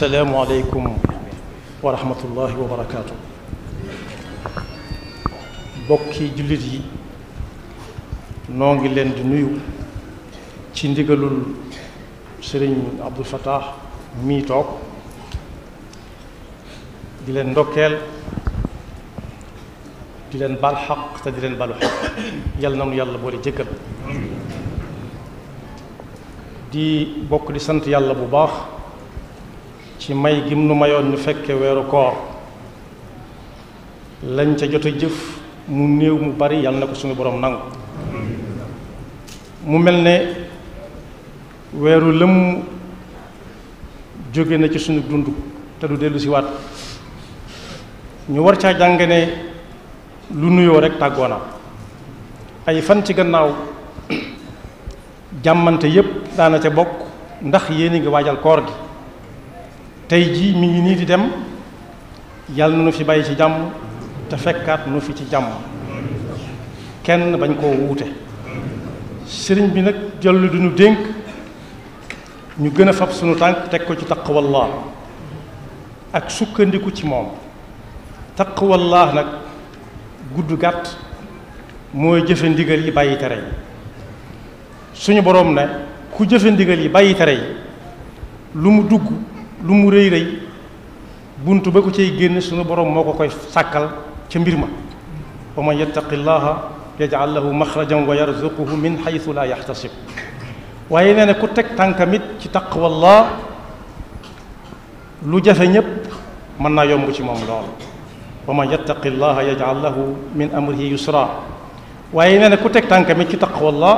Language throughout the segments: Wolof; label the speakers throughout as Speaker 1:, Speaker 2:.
Speaker 1: السلام عليكم ورحمة الله وبركاته bokki jullit yi noo ngi leen di nuyu ci ndigalul sëriñ Abdou Fattah mii toog di leen ndokkeel di leen bal xaq te di leen balu xaq yàlla na nu yàlla boole jëkkal di bokk di sant yàlla bu baax ci may gim nu mayoon ñu fekkee weeru koor lañ ca jot a jëf mu néew mu bari yàlla na ko suñu borom nangu mu mel ne weeru lëmm jóge na ci suñu dund te du dellu waat ñu war caa jàng ne lu nuyoo rek tàggoo na ay fan ci gannaaw jàmmante yépp daana ca bokk ndax yéen a ngi waajal koor gi tey jii mi ngi nii di dem yàlla na nu fi bàyyi ci jàmm te fekkaat nu fi ci jàmm kenn bañ koo wuute sëriñ bi nag jollu du dénk ñu gën a fab sunu tànk teg ko ci taqwallah ak sukkandiku ci moom taqwallah nag gudd gàtt mooy jëfe ndigal yi bàyyi tere yi suñu boroom ne ku jëfe ndigal yi bàyyi tere yi lu mu dugg lu mu rëy rëy bunt ba ko cay génn suñu borom moo ko koy sàkkal ca mbir ma wa man yattaqi yaj'al lahu maxrajan wa yarzuquhu min xaytu laa yaxtasib waaye nee na ku teg tànkamit ci taqwallah lu jafe ñépp mën naa yomb ci moom lool wa man yattaqi yaj'al lahu min amrihi yusra waaye nee na ku teg tànkamit ci taqwallah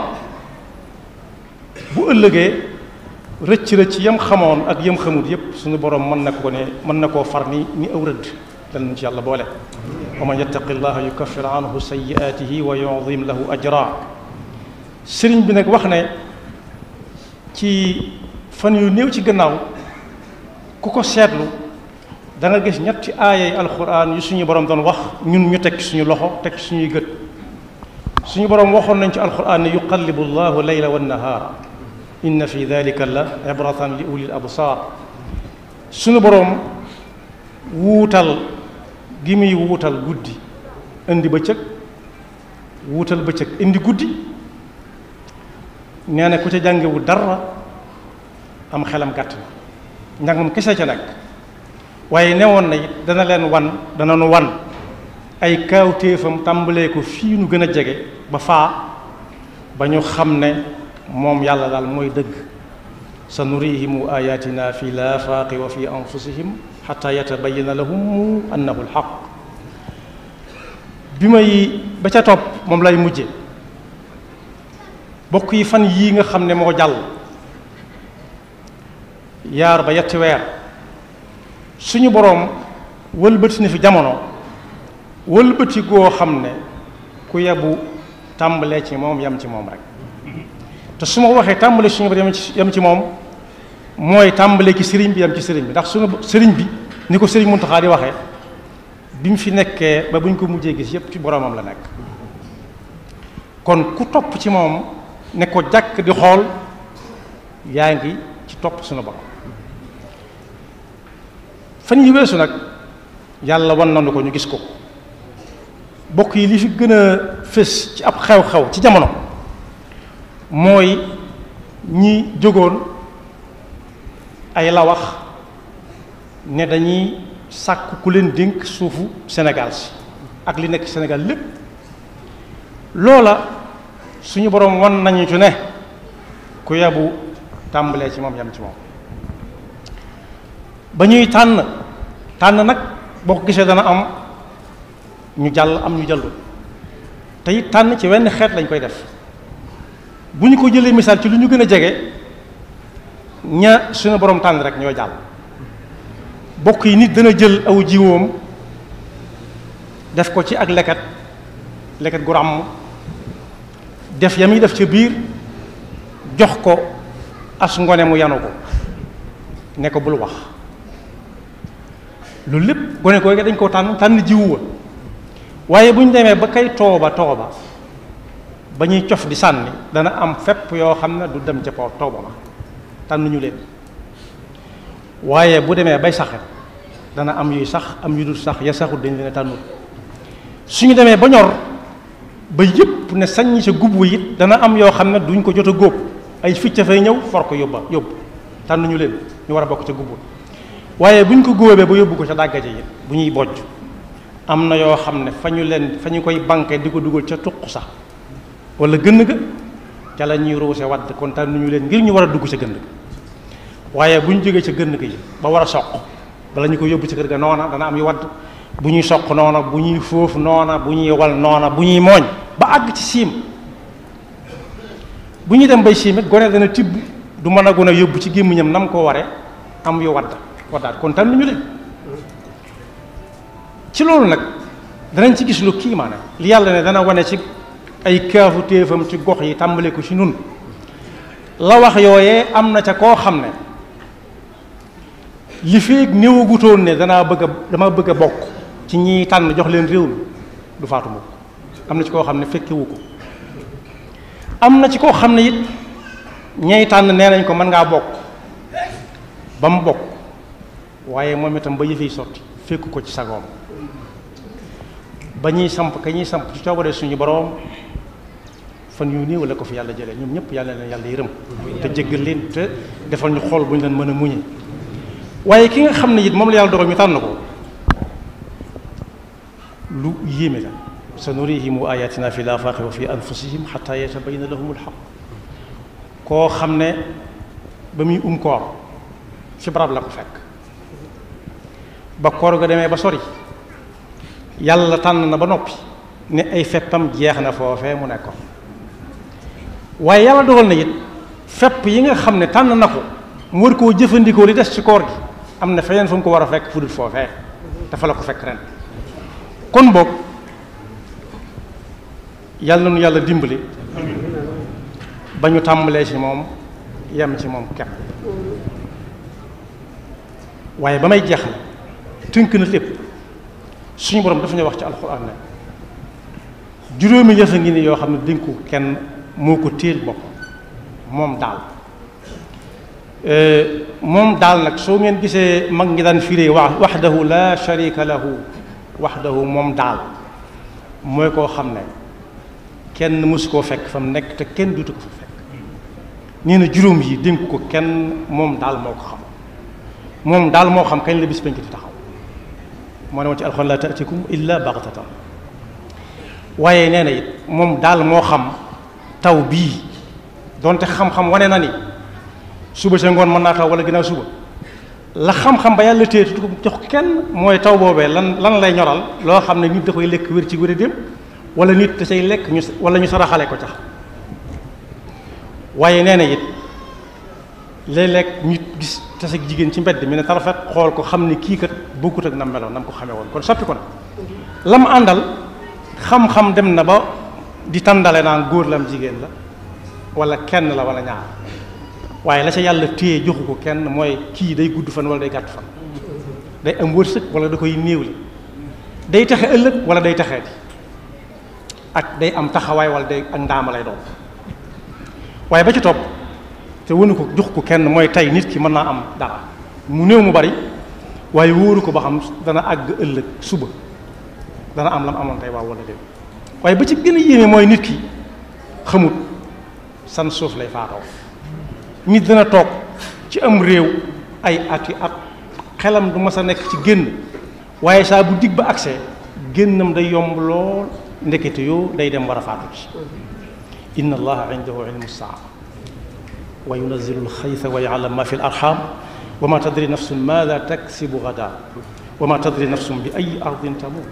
Speaker 1: bu ëllëgee rëcc rëcc yam xamoon ak yam xamut yépp suñu borom mën na ko ne mën na koo far ni ni aw rëdd dal ci yàlla boole wa man yattaqi llaha yukaffir anhu sayiatihi wa yudim lahu ajra sëriñ bi nag wax ne ci fan yu néew ci gannaaw ku ko seetlu da nga gis ñetti aayay alquran yu suñu borom doon wax ñun ñu teg suñu loxo teg suñuy gët suñu borom waxoon nañ ci alquran ne yuqallibu llahu layla wa nahara إن في ذلك الله عبرة لأولي الأبصار سنو بروم ووتال جيمي ووتال غودي اندي بچك ووتال بچك اندي غودي نانا كوتا جانجي و دار ام خلام كات نانغام كيسا تي نك واي نيوون ناي دا نا لين وان دا نا نو وان اي كاو تيفم تامبلي كو فينو گنا جيغي با فا با نيو خامني موم يالا دال موي دغ سنريهم اياتنا في الافاق وفي انفسهم حتى يتبين لهم انه الحق بماي با تا توب موم لاي موجي بوكي فان ييغا خامني مو جال يار با يتي وير سونو بوروم ولبتي ني في جامونو ولبتي غو خامني كو يابو تامبلي سي موم يام سي موم رك te su ma waxee tàmbale suñu yam ci moom ci sëriñ bi yam ci sëriñ bi ndax suñu sëriñ bi ni ko sëriñ di fi nekkee ba Je ko mujjee gis yépp ci boromam la nekk kon ku topp ci moom ne ko di xool yaa ci topp suñu borom ko ñu a ci ab xew-xew ci mooy ñi jógoon ay la wax ne dañuy sàkk ku leen dink suufu Sénégal si ak li nekk Sénégal lépp loola suñu boroom wan nañu ci ne ku yabu tàmbalee ci moom yam ci moom ba ñuy tànn tànn nag boo ko gisee dana am ñu jàll am ñu jàllul te it tànn ci wenn xeet lañ koy def bu ñu ko jëlee misaal ci lu ñu gën a jege ña suñu borom tànn rek ñoo jàll bokk yi nit dana jël aw jiwoom def ko ci ak leket leket gu ràmm def yam yi def ca biir jox ko as ngone mu yanu ko ne ko bul wax loolu lépp gone ko dañ koo tànn tànn jiw wa waaye bu ñu demee ba kay tooba tooba ba ñuy cof di sànni dana am fépp yoo xam ne du dem ca po tooba ma tànn ñu leen waaye bu demee bay saxe dana am yuy sax am yu dul sax ya saxul dañ leen a tànnul suñu demee ba ñor ba yëpp ne sañ sa gubb it dana am yoo xam ne duñ ko jot a góob ay ficca fay ñëw for ko yóbba yóbbu tànn ñu leen ñu war a bokk ca gubb waaye buñ ko góobee ba yóbbu ko ca dàggaje it bu ñuy bojj am na yoo xam ne fa ñu leen fa ñu koy banqué di ko dugal ca tuq sax wala gënn ga ca la ñuy ruuse wadd kontaan nu ñu leen ngir ñu war a dugg ca gënn waaye bu jógee ca gënn yi ba war a soq bala ñu ko yóbbu ca kër ga noona dana am yu bu ñuy soq noona bu ñuy foofu noona bu ñuy wal noona bu ñuy mooñ ba àgg ci siim bu ñuy dem bay siim it gone dana tibb du mën a gën a ci gémmiñam nam koo waree am yu wadd waddaat leen ci loolu nag danañ ci gis lu kii maanaam li yàlla ne dana wane ci ay kaafu téefam ci gox yi tàmbale ko ci nun la wax yooyee am na ca koo xam ne li fi néewagutoon ne danaa bëgg a dama bëgg a bokk ci ñiy tànn jox leen réew mi du faatu mukk am na ci koo xam ne fekkewu ko am na ci koo xam ne it ñay tànn nee nañ ko mën ngaa bokk ba mu bokk waaye moom itam ba yëfey sotti fekk ko ci sagoom ba ñuy samp ka ñuy samp ci coobare suñu boroom fan yu néew la ko fi yàlla jale ñom ñep yàlla na yàlla yërëm te jéggal leen te defal ñu xol buñu leen mëna a muñe waaye ki nga xamne yit mom la yàlla dogal ñu tan ko lu yéme la sanurihim ayatina fi laafaaqi wa fi anfusihim hatta yatabayyana lahum alxaq koo xam ne ba muy um koor ci barab la ko fekk ba koor ga demee ba sori yàlla tànn na ba noppi ne ay feppam jeex na foofee mu nekkoon waaye yàlla dogal na it fepp yi nga xam ne tànn na ko mu war koo jëfandikoo li des ci koor gi am na feneen fu mu ko war a fekk fu dul foofee dafa la ko fekk ren kon boog yàlla nu yàlla dimbali ba ñu tàmbalee ci moom yem ci moom kepp waaye ba may jeexal tënk na lépp suñu borom dafa ñu wax ci alxuraan ne juróomi yëf ngi ni yoo xam ne dénku kenn moko teel bopam mom dal euh mom dal nak so ngeen gisee mag ngi dan firee wax waxdahu la sharika lahu wahdahu mom dal moy ko xamne kenn mësu ko fekk fam nek te kenn dutu ko fa fekk nee juróom yi dénk ko kenn mom dal moko xam mom dal mo xam kañ la bis penki taxaw mo ne woon ci alxuraan la ta'tikum illa baghtatan waye neena na it moom daal moo xam taw bii donte xam-xam wane na ni suba sa ngoon mën naa taw wala ginnaaw suba la xam-xam ba yàlla téye ko jox kenn mooy taw boobee lan lan lay ñoral loo xam ne nit da koy lekk wér ci wér dem wala nit da say lekk ñu wala ñu saraxale ko tax waaye nee na it léeg lekk nit gis tase jigéen ci mbedd mi ne tarafet xool ko xam ne kii kat bokkut ak nam meloon nam ko xamee woon kon soppi ko na lam àndal xam-xam dem na ba. di tàndale naan góor lam jigéen la wala kenn la wala ñaar waaye la ca yàlla téye joxu ko kenn mooy kii day gudd fan wala day gàtt fan day am wërsëg wala da koy néewli day taxe ëllëg wala day taxee di ak day am taxawaay walla day ak ndaama lay doon waaye ba ci topp te wënu ko jox ko kenn mooy tey nit ki mën naa am dara mu néew mu bari waaye wóoru ko ba xam dana àgg ëllëg suba dana am lam amoon tey waaw wala déet waaye ba ci gëna a moy nit ki xamut san suuf lay faato nit dina tok ci am rew ay at at xelam du mas a nekk ci génn waye sa bu dig ba accès génnam day yomb lool ndekete yo day dem wara faatu ci inna allaha indahu ilmu saa wa al-khaytha wa ya'lamu ma fi al-arham wa ma tadri nafsun maada taksibu ghadan wa ma tadri nafsun bi ay ardin tamut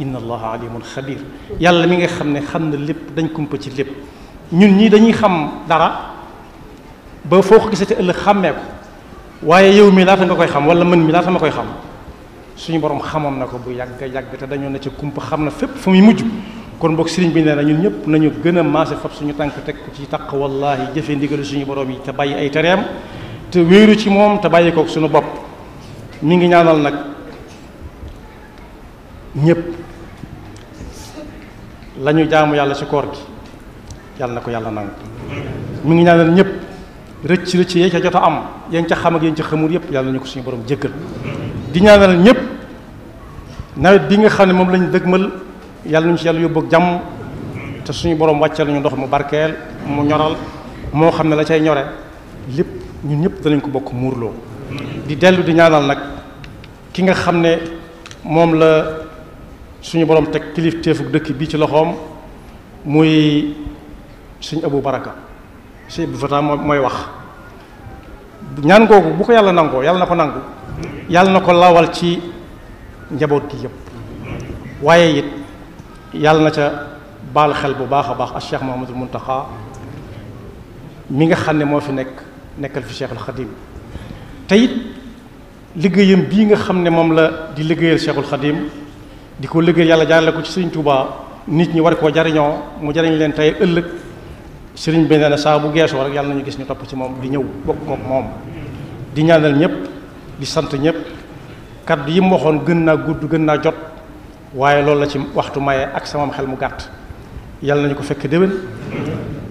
Speaker 1: inna allaha alimun xabir yàlla mi nga xam ne xam na lépp dañ kumpa ci lépp ñun ñii dañuy xam dara ba foo ko gisati ëllëg xàmmee ko waaye yow mi laata nga koy xam wala mën mi laata ma koy xam suñu borom xamoon na ko bu yàgg yàgg te dañoo na ci kumpa xam na fépp fu muy mujj kon boog sëriñ bi nee na ñun ñëpp nañu gën a maase fab suñu tànk teg ko ci taq wallahi jëfe ndigalu suñu borom yi te bàyyi ay tereem te wéeru ci moom te bàyyi kook suñu bopp mi ngi ñaanal nag ñëpp la ñu jaamu yàlla ci koor gi yàlla na ko yàlla nangu mu ngi ñaanal ñëpp rëcc rëcc yee ca jot a am yéen ca xam ak yéen ca xamul yëpp yàlla nañu ko suñu borom jéggal di ñaanal ñëpp nawet bi nga xam ne moom lañu dëgmal yàlla nañu ci yàlla yóbbu te suñu borom wàcceel nañu ndox mu barkeel mu ñoral moo xam ne la cay ñore lépp ñun ñëpp danañ ko bokk muurloo dellu di ñaanal nag nga xam ne moom la. suñu borom teg kilifteefuk dëkk bii ci loxoom muy suñ abu baraka suñ abu fata mooy wax ñaan googu bu ko yàlla nangoo yàlla na ko nangu yàlla na ko lawal ci njaboot gi yëpp waaye it yàlla na ca baal xel bu baax a baax ak Cheikh Mouhamadul taxa mi nga xam ne moo fi nekk nekkal fi Cheikhul Khadim te it liggéeyam bii nga xam ne moom la di liggéeyal Cheikhul Khadim di ko liggéey yàlla jaarale ko ci sëriñ Touba nit ñi war koo jariñoo mu jariñ leen tey ëllëg sëriñ bi nee na saa bu geesoo rek yàlla na ñu gis ñu topp ci moom di ñëw bokk moom moom di ñaanal ñëpp di sant ñëpp kat yi mu waxoon gën naa gudd gën naa jot waaye loolu la ci waxtu maye ak sama xel mu gàtt yàlla nañu ko fekk déwén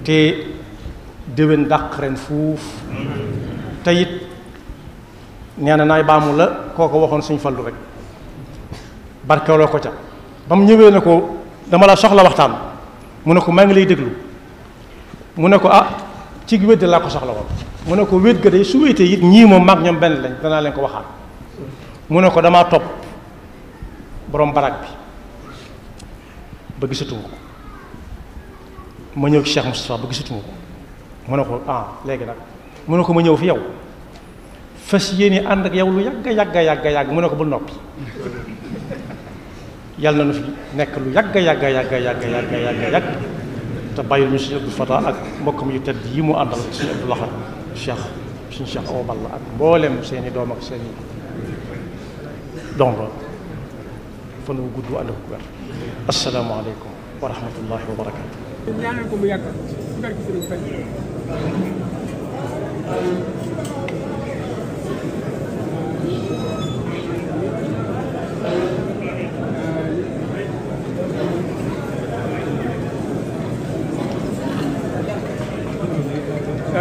Speaker 1: te déwén dàq ren fuuf te it nee na naay baamu la kooko waxoon suñ fallu rek barkeeloo ko ca ba mu ñëwee ne ko dama laa soxla waxtaan mu ne ko maa ngi lay déglu mu ne ko ah ci wédde laa ko soxla woon mu ne ko wét ga day su wéetee it ñii moom maag ñoom benn lañ danaa leen ko waxaat mu ne ko damaa topp borom barak bi ba gisatuma ko ma ñëw ci Cheikh Moustapha ba gisatuma ko mu ne ko ah léegi nag mu ne ko ma ñëw fi yow fas yéene ànd ak yow lu yàgg yàgg yàgg yàgg mu ne ko bu noppi yàlla na nu fi nekk lu yàgg yàgg yàgg yàgg yàgg yàgg yàgg te bàyyil ñu suñu Abdou Fatah ak mbokkam yu tedd yi mu àndal suñu Abdou Lahad Cheikh suñu Cheikh Awa Balla ak mboolem seeni doom ak seeni donc fan wu gudd ànd ak ku wér asalaamaaleykum wa rahmatullahi wa barakaatu. ñaanal ko mu yàgg ci barke Sëriñ Fall Thank you.